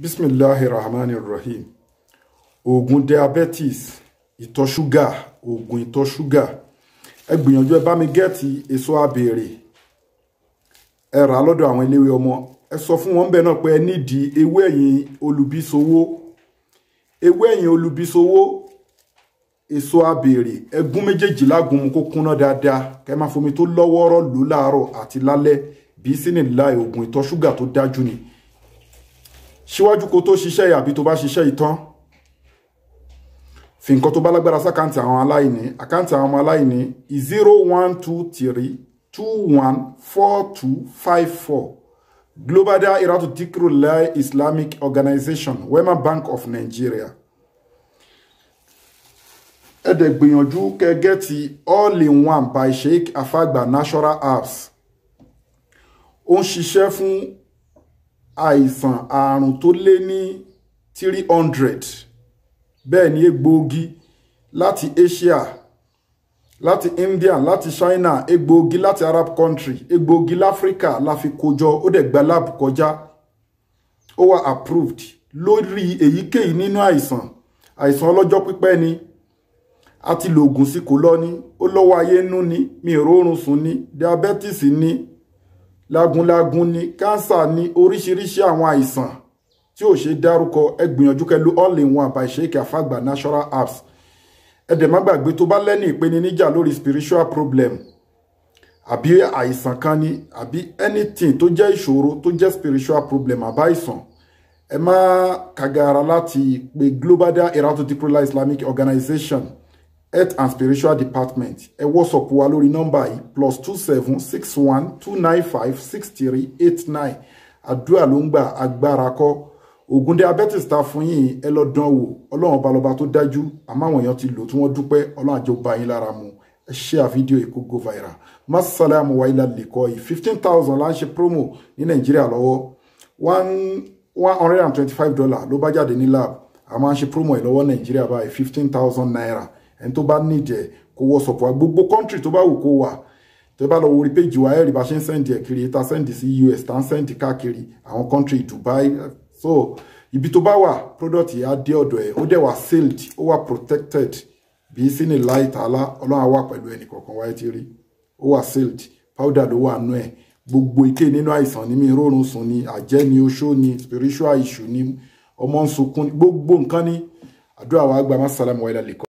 bisimilahi rahman rahim oògùn diabetes ìtọ̀ ṣúgà oògùn ìtọ̀ ṣúgà ẹ gbìyànjú ẹ bá mi gẹ́ẹ̀tì èso àbèrè ẹ rà á lọ́dọ̀ àwọn eléwé ọmọ ẹ sọ fún wọn bẹ́ẹ̀ náà pé ẹ nídìí ewé ẹ̀yìn olùbísowó ewé ẹ̀yìn olùbísowó èso àbèrè ẹ gún méjèèjì lágùn kó kúnná dáadáa kẹ máa fomi tó lọ́wọ́ọ́rọ́ lò láàárọ̀ àti lálẹ́ bí sínú ìlà oògùn ìtọ̀ ṣúgà tó dájú ni síwájú kó tó ṣiṣẹ́ yìí àbí tó bá ṣiṣẹ́ yìí tán fi nǹkan tó bá lágbára sákàǹtì àwọn aláìní àkáǹtì àwọn ọmọ aláìní zero one two three two one four two five four Global Dahiratu Dhikrlahi Islamic Organization Wema Bank of Nigeria ẹ̀dẹ̀ gbìyànjú kẹ́gẹ́ ti all in one by Sheikh Afagba National Herbs ó ń ṣiṣẹ́ fún àìsàn àrùn tó lé ní three hundred bẹ́ẹ̀ ni egbòogi láti Asia láti India láti China egbòogi láti Arab country egbòogi láfíríkà la fi kó jọ ó dẹ̀ gba lab kọjá ó wà approved lórí èyíkéyìí nínú àìsàn àìsàn ọlọ́jọ́ pípẹ́ ni a ti lògùn sí kò lọ ni ó lọ́wọ́ ayé nú ni mi ò rórun sùn ni diabetes ni lagunlagun ni kánsà ni oríṣiríṣi àwọn àìsàn tí ò ṣe dárúkọ ẹ gbìyànjú kẹlu all in one by Sheikh Alfagba natural apps ẹ dẹ̀ má gbàgbé tó bá lẹ́ni ìpèníjà lórí spiritual problem àbí àìsàn kan ni àbí anything tó jẹ́ ìṣòro tó jẹ́ spiritual problem àbáìsàn ẹ má kàgàrà láti pe Global Dahiratu Dhikrlahi Islamic Organization health and spiritual department ẹ wọ́sọ̀pù wa lórí nọ́mbà yìí plus two seven six one two nine five six three eight nine àdúrà ló ń gbà agbára kọ́ oògùn diabetes ta fún yín ẹ lọ dán wò ọlọ́run ọba lọba tó dájú àmọ́ àwọn èèyàn ti lò tí wọ́n dúpẹ́ ọlọ́run àjọ bá yín lára mu ẹ share fídíò yìí kó go viral masalamu wa ilà lẹ́kọ̀ọ́ yìí fifteen thousand la ń ṣe promo ní nàìjíríà lọ́wọ́ one one hundred and twenty five dollar ló bá jáde ní lab a máa ń ṣe promo ẹ̀ lọ́wọ́ nàìjíríà báyìí fifteen thousand naira ẹni tó bá nídìí ẹ̀ kó wọ́sọ̀ fún wa gbogbo kọ́ńtì tó bá wù kó wà tẹ́ bá lọ wo orí péjì wa ẹ̀rì bá ṣe ń sẹ́ǹdì ẹ̀ kiri ta sẹ́ǹdì sí US ta ń káàkiri àwọn kọ́ńtì Dubai so ibi tó bá wà product yìí á dé ọ̀dọ̀ ẹ̀ ó dẹ̀ wà sealed ó wà protected bí sínú láì tààlà ọlọ́run á wà pẹ̀lú ẹnì kọ̀ọ̀kan wáyé ti rí ó wà sealed powder ló wà nú ẹ̀ gbogbo ike nínú àìsàn ní mi rórun sùn ni àjẹ́ ni oṣó ni spiritual issue ni ọmọ ń sunkún gbogbo nǹkan ni àdúrà wa gba masalamu wa ilà lẹ́kọ̀ọ́.